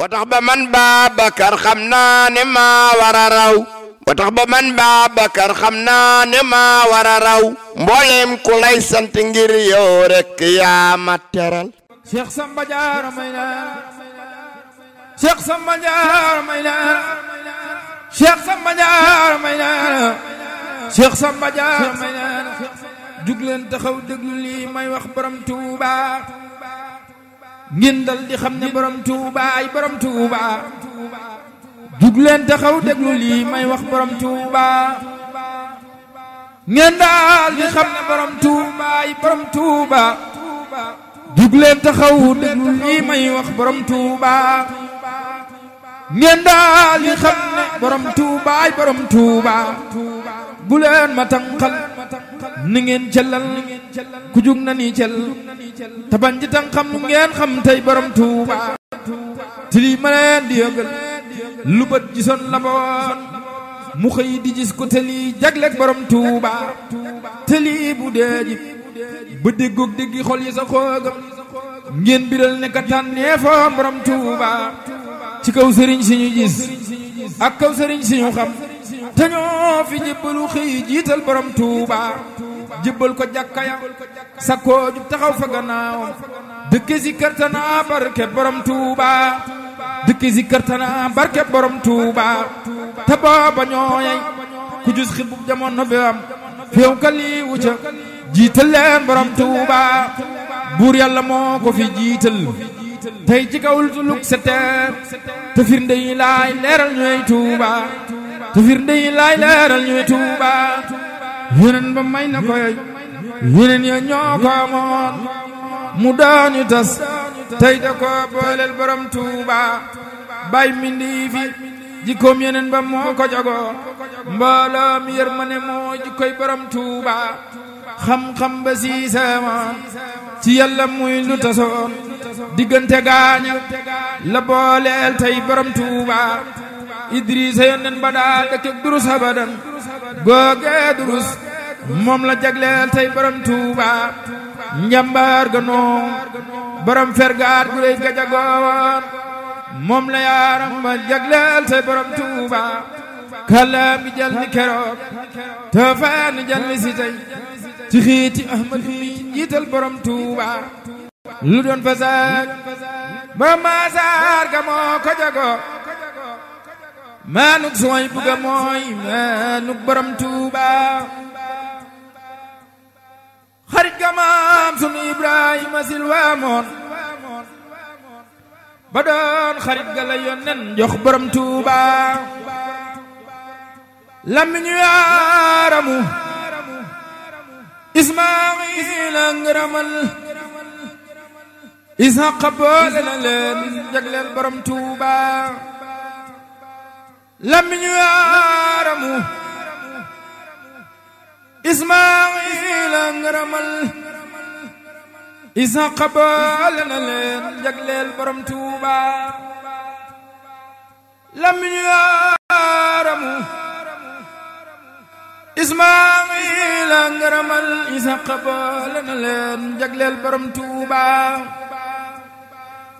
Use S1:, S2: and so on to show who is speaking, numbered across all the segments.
S1: ba tax ba man Babacar xam naa ne maa war a raw ba tax ba man Babacar xam naa ne maa war a raw mbooleem ku lay sant ngir yow rek yaa ma teral Cheikh Samba Diarra may naa Cheikh Samba lii may wax borom Tuubaa ngeen dal di xam ne borom Touba ay borom Touba jug leen taxaw déglu lii may wax borom Touba ngeen daal di xam ne borom Touba ay borom Touba jug leen taxaw déglu lii ngeen daal di xam ne borom Touba ay borom Touba bu leen ma tànqal ni ngeen jëlal ku jug na ni te bañ ci tàng xam lu ngeen xam tey borom Touba. ci ma leen di yëngal lu bët gisoon la boon mu xëy di gis ko te lii jagleeg borom Touba te bu dee ji ba déggoog xol yi sa xoogam ngeen biral ne ka tànnee foo borom Touba ci kaw sëriñ si ñu gis ak kaw sëriñ si ñu xam te ñoo fi jébbalu xëy jiital borom Touba. jibbal ko jàkka ya sa koo jub taxaw fa gannaaw dëkk si kartana barke borom tuuba dëkk si kartana barke borom tuuba te booba ku jus xibub jamono bi am feew ka lii wuca jiital borom tuuba buur yàlla moo ko fi jiital tey ci kaw lu tuluk te firnde yi laay leeral ñooy tuuba yóneen ba may na ko yóneen ya ñoo ko amoon mu dooni tas tey da ko booleel borom tuuba bay mindi fi jikkoom yóneen ba moo ko jagoo mbooloo mi yërmande moo jikkoy borom tuuba xam-xam ba siiseemoon ci yàlla muy lu tasoon diggante gaaña la booleel tey borom tuuba idrisa yóneen ba daa dëkk durus abadan googee durus moom la jagleel tey borom Touba. njambaar ga noon borom fergaat gu rëy ga jagoon moom la yaaram ba jagleel tey borom Touba. kàllaam gi jël ni keroog tafaan jël ni si tey ci xiiti Ahmad mi jiital borom Touba. lu doon fasaak ba maasaar ga moo ko jago maanuk sooy buga mooy maanuk borom Touba. Ibrahima silwaamoon ba doon xarit ga la yónneen jox borom Touba isa xabaale na leen jagleel borom tuuba lamiñu yaaramu ismaila ngaramal isa xabaale na leen jagleel borom tuuba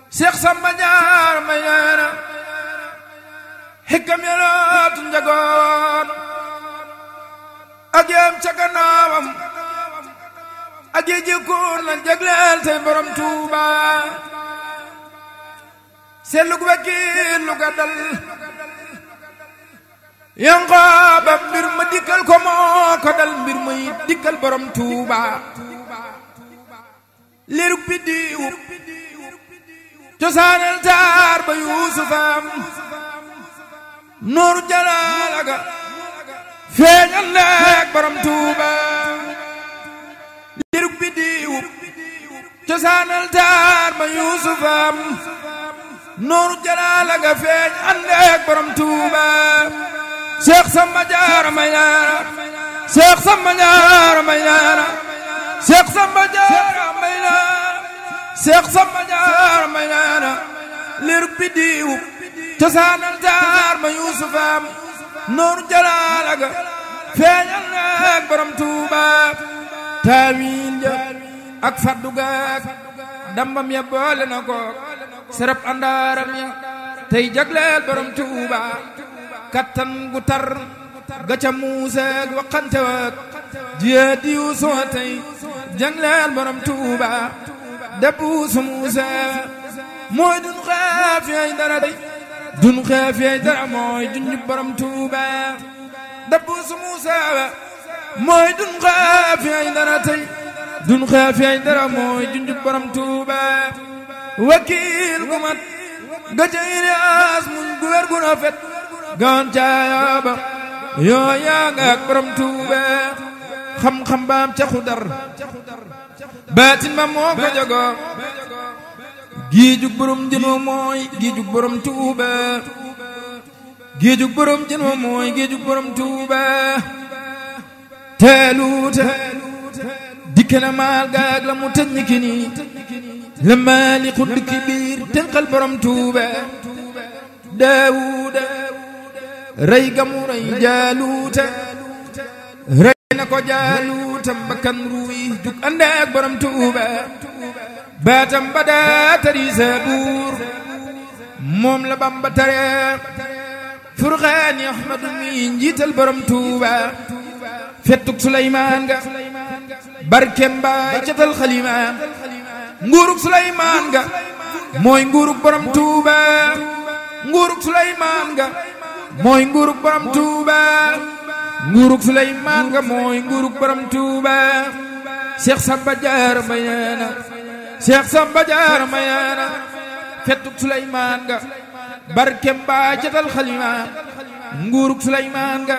S1: seex samba jaar ma yeena xikam yelootu njagoon ak yem ca gannaawam aji jikkoor na jagleel say borom tuuba seetlu gu wekkiil lu ko dal yanqo mbir ma dikkal ko moo ko dal mbir muy dikkal borom tuuba lirug bi diwu cosaanel taar ba yuusufam nuuru jalaalaga feeñal leeg borom tuuba cosaanal taar ba yuusuf am nooru feeñ àndeek borom tuuba seex taar ba yuusuf am nooru feeñ àndeek borom tuuba taawiin ja ak faddu gaag dambam ya boole na ko serep andaaram ya tey jagleel borom Tuuba kattan gu tar gaca muuseeg waxante waag jiyee diwu soo tey jagleel borom Tuuba debbu su mooy dun xeef yooyu dara day dun xeef yooyu dara mooy junjub borom Tuuba debbu su mooy dun xeef yooyu dara tey dun xaafi ay dara mooy junjub borom tuuba wakiil gu mat gëcë iriyaas muñ gu wér gu rafet gaan caayaaba yoo yaa nga ak borom tuuba xam-xam baam ca xudar baatin ba moo ko jogo giijug borom jënoo mooy giijug mooy giijug borom tuuba teeluute dikke na maal gaag la mu tëj ni ki nii la maaliku dikki biir tënkal borom tuube daawuda rey gamu rey jaaluuta na ko jaaluuta mbakkan ruuy jug ànd ak borom daa tari saabuur moom la bamba tare furxaani ahmadu mi njiital borom tuuba fettuk suleymaan ga barkeem baay catal xalimaam nguurug Suleymaan nga mooy nguurug borom Tuuba nguurug Suleymaan nga mooy nguurug borom Tuuba nguurug Suleymaan nga mooy nguurug borom Tuuba Cheikh Samba Diarra Mbayeen na Cheikh Samba Diarra Mbayeen na fettug Suleymaan nga barkeem baay catal xalimaam nguurug Suleymaan nga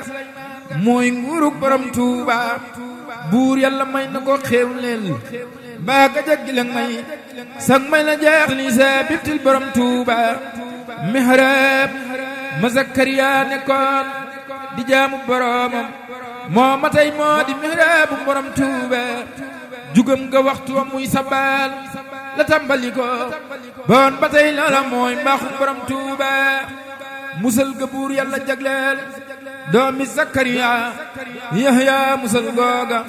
S1: mooy nguurug borom Tuuba buur yàlla may na ko xéewleel baa ka jaggi may sag may la jaax liisa borom tuuba mihrab ma zakariya nekkoon di jaamu boromam moo ma moo di mihrabu borom tuuba jugam ga waxtu wa muy la tàmbali ko bon ba tey loola mooy mbaaxu borom tuuba musal ga buur yàlla jagleel doomi Zakariya Yahya musal googa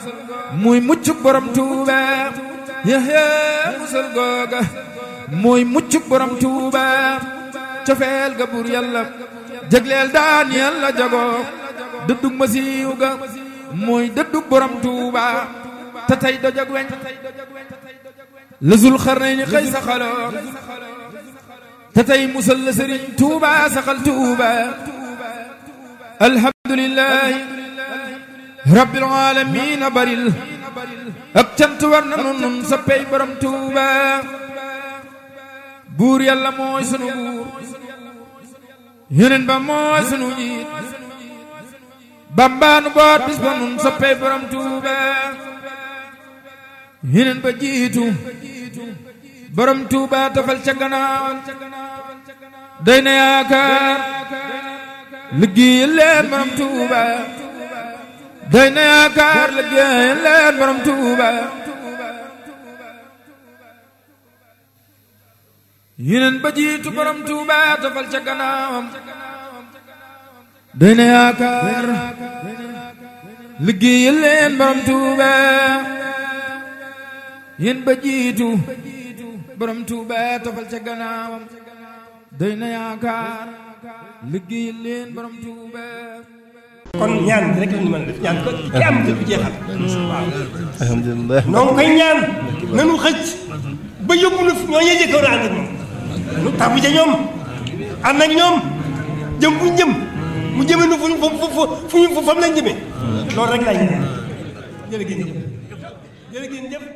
S1: muy muccuk borom Tuuba Yahya musal googa muy muccuk borom Tuuba cofeel ga buur yàlla jagleel daan yàlla jagoo dëddug masiiw ga muy dëddug borom Tuuba te tey dojog la Zul Xarnayni xëy sa xaloon te musal la Sëriñ Tuuba saxal Tuuba alhamdulilah rabbil aalamiin baril ak cant war na nun sa pey borom tuuba buur yàlla mooy sunu buur bambaanu boot bis nun sa pey tuuba tafal ca gannaaw liggéeyal leen borom Touba doy na yaakaar liggéeyal leen borom Touba yeneen ba jiitu borom Touba tafal ca gannaawam doy na yaakaar liggéeyal leen borom Touba yéen ba jiitu borom Touba tafal ca gannaawam doy na yaakaar liggéey leen borom Tuuba kon ñaan rek la ñu mën a def ñaan ko ci am def jeexal waaw koy ñaan nanu xëcc ba yóbbu nu ñoo ñee jëkkoon ànd ak moom nu tabu ja ñoom ànd ñoom jëm jëm mu jëme nu fu ñu fu ñu fu fam lañ jëme